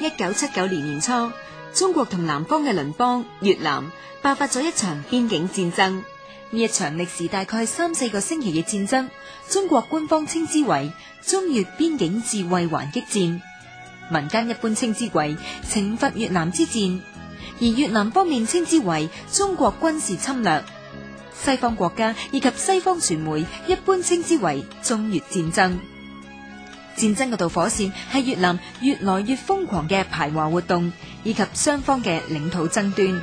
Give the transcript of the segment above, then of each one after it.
一九七九年年初，中國同南方嘅鄰邦越南爆發咗一場邊境戰爭。呢一場歷時大概三四個星期嘅戰爭，中國官方稱之為中越邊境自衛還擊戰，民間一般稱之為懲罰越南之戰，而越南方面稱之為中國軍事侵略。西方國家以及西方傳媒一般稱之為中越戰爭。戰爭嘅導火線係越南越來越瘋狂嘅排華活動，以及雙方嘅領土爭端。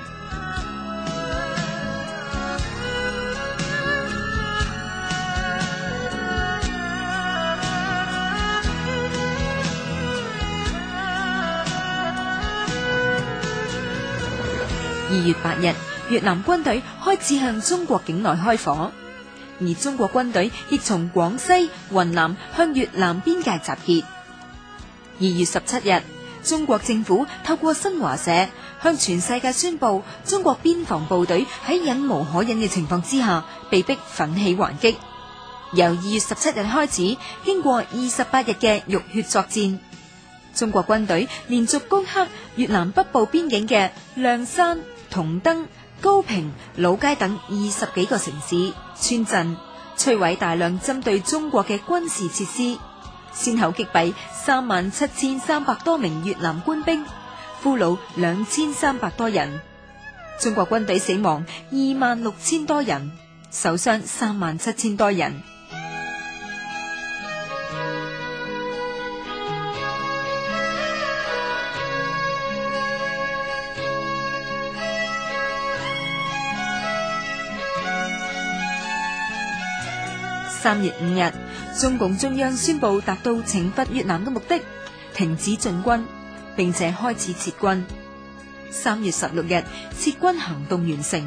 二月八日，越南軍隊開始向中國境內開火。而中國軍隊亦從廣西、雲南向越南邊界集結。二月十七日，中國政府透過新華社向全世界宣布，中國邊防部隊喺忍無可忍嘅情況之下，被迫奮起還擊。由二月十七日開始，經過二十八日嘅浴血作戰，中國軍隊連續攻克越南北部邊境嘅諒山。同登、高平、老街等二十幾個城市、村鎮，摧毀大量針對中國嘅軍事設施，先後擊斃三萬七千三百多名越南官兵，俘虜兩千三百多人。中國軍隊死亡二萬六千多人，受傷三萬七千多人。三月五日，中共中央宣布達到懲罰越南的目的，停止進軍，並且開始撤軍。三月十六日，撤軍行動完成，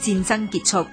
戰爭結束。